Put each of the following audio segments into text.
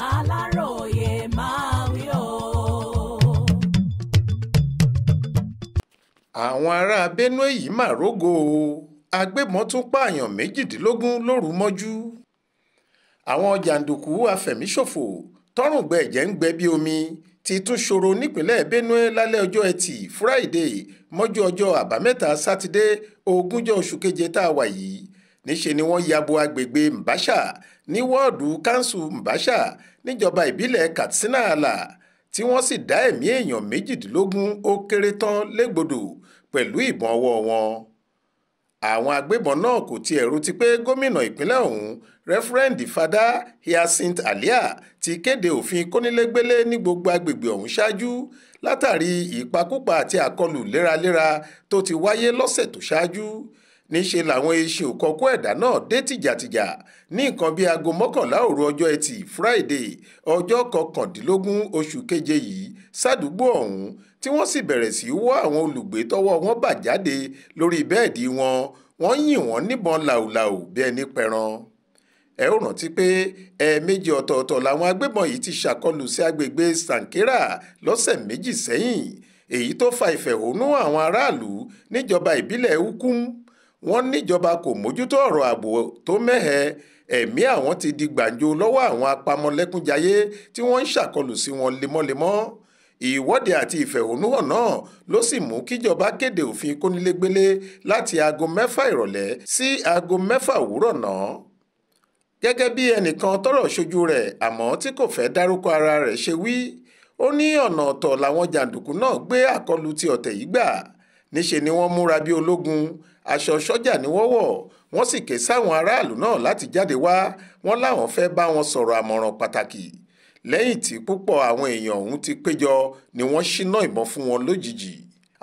aláròye máa wí o. àwọn ará Benue yìí mà rógo o agbébọn tún pààyàn méjìdínlógún lóru mọ́jú àwọn jàǹdùkú afẹ̀míṣòfò tọrùngbẹ ẹ̀jẹ̀ ń gbẹ bí omi ti tún ṣòro nípínlẹ̀ Benue lálẹ́ ọjọ́ ẹtì Friday mọ́jú ọjọ́ àbámẹ́ta sátidé ogúnjọ́ oṣù keje tá a wà yìí níṣe ni wọ́n ya bo agbègbè mbàṣà ní wọ́ọ̀dù kanṣu mbàṣà níjọba ìbílẹ̀ katsina àlà tí wọ́n sì dá ẹ̀mí èèyàn méjìdínlógún ó kéré tán légbodò pẹ̀lú ìbọn ọwọ́ wọn. àwọn agbébọn náà kò tiẹ̀ retí pé gómìnà ìpínlẹ̀ ọ̀hún rẹ́fúrẹ́ǹdì fada hyacinth alia ti kéde òfin kónílégbélé ní gbogbo agbègbè ọ̀hún ṣáájú látàrí ìpakúpa àti àkọlù léraléra tó ti wáyé lọ́sẹ̀ tó ṣáájú níṣe làwọn eṣin òkọ̀kọ̀ ẹ̀dá náà dé tìjàtìjà ní nǹkan bíi aago mọ́kànlá òru ọjọ́ ẹtì Friday ọjọ́ kọkàndínlógún oṣù keje yìí sádùúgbò ọ̀hún tí wọ́n sì bẹ̀rẹ̀ sí í wọ́ àwọn olùgbé tọ́wọ́ wọn bà jáde lórí bẹ́ẹ̀dì wọn wọ́n yìn wọ́n níbọn làwùlàwù bí ẹni pẹran ẹ ó rántí pé ẹ̀ẹ̀mejì ọ̀tọ̀ọ̀tọ̀ làwọn agbébọn yìí ti ṣàkọlù sí agbègbè Sankera lọ́sẹ̀ méjì sẹ́yìn èyí tó fa ìfẹ̀hónú àwọn aráàlú níjọba ìbílẹ̀ Ukum wọ́n níjọba kò mójútó ọ̀rọ̀ ààbò tó mẹ́hẹ ẹ̀mí àwọn ti di gbàǹjo lọ́wọ́ àwọn apamọ́lẹ́kúnjayé tí wọ́n ń ṣàkọlù sí wọn lemọ́lemọ́ ìwọ́de àti ìfẹ̀hónúhàn náà ló sì mú kíjọba kéde òfin kónílégbélé láti aago mẹ́fà ìrọ̀lẹ́ sí aago mẹ́fà òwúrọ̀ náà gẹ́gẹ́ bí ẹnìkan tọ́rọ̀ ṣojú rẹ̀ àmọ́ tí kò fẹ́ dárúkọ ara rẹ̀ ṣe wí ó ní ọ̀nà ọ̀tọ̀ làwọn jàǹdùkú náà gbé àkọlù ti ọ̀tẹ̀ yìí gbà níṣe ni wọ́n múra bí ológun aṣọ sọ́jà ni wọ́n wọ̀ wọ́n sì ké sáwọn aráàlú náà láti jáde wá wọ́n láwọn fẹ́ bá wọn sọ̀rọ̀ àmọ̀ràn pàtàkì lẹ́yìn tí púpọ̀ àwọn èèyàn ọ̀hún ti péjọ ni wọ́n ṣíná ìbọn fún wọn lójijì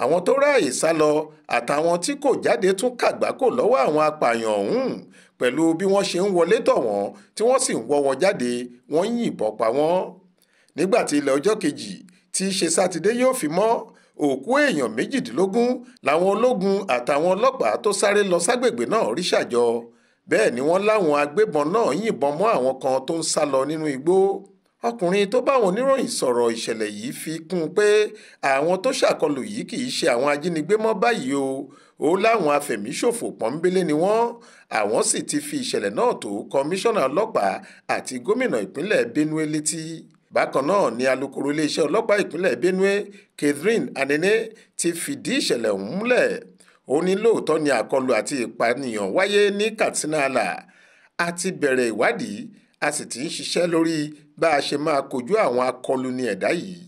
àwọn tó ráàyè sá lọ àtàwọn tí kò jáde tún kàgbákò lọ́wọ́ àwọn apààyàn ọ̀hún pẹ̀lú bí wọ́n ṣe ń wọlé tọ̀ wọ́n tí wọ́n sì ń wọ́ wọn jáde wọ́n yìnbọn pa wọ́n nígbà tí ilẹ̀ ọjọ́ kejì tí í ṣe sátidé yóò fi mọ́ òkú èèyàn méjìdínlógún làwọn ológun àtàwọn ọlọ́pàá tó sáré lọ ságbègbè náà rí ṣàjọ bẹ́ẹ̀ ni wọ́n láwọn agbébọn náà yìnbọn mọ́ àwọn kan tó ń sá lọ nínú igbó ọkùnrin tó bá àwọn oníròyìn sọ̀rọ̀ ìṣẹ̀lẹ̀ yìí fi kún un pé àwọn tó ṣàkọlù yìí kì í ṣe àwọn ajínigbé mọ́ báyìí o ó láwọn afẹ̀míṣòfò pọ́nbélé ni wọ́n àwọn sì ti fi ìṣẹ̀lẹ̀ náà tó kọmíṣánná ọlọ́pàá àti gómìnà ìpínlẹ̀ Benue létí bákan náà ni alūkkóró iléeṣẹ́ ọlọ́pàá ìpínlẹ̀ benue catherine anene ti fìdí ìṣẹ̀lẹ̀ ọ̀hún múlẹ̀ ó ní lóòótọ́ ni àkọlù àti ìpànìyàn wáyé ní katsina àlà a ti bẹ̀rẹ̀ ìwádìí a sì ti ń ṣiṣẹ́ lórí bá a ṣe máa kojú àwọn akọlùni ẹ̀dá yìí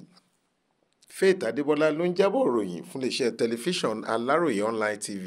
faith adébọlá ló ń jábọ̀ ròyìn fún iléeṣẹ́ tẹlifíṣàn aláròye online tv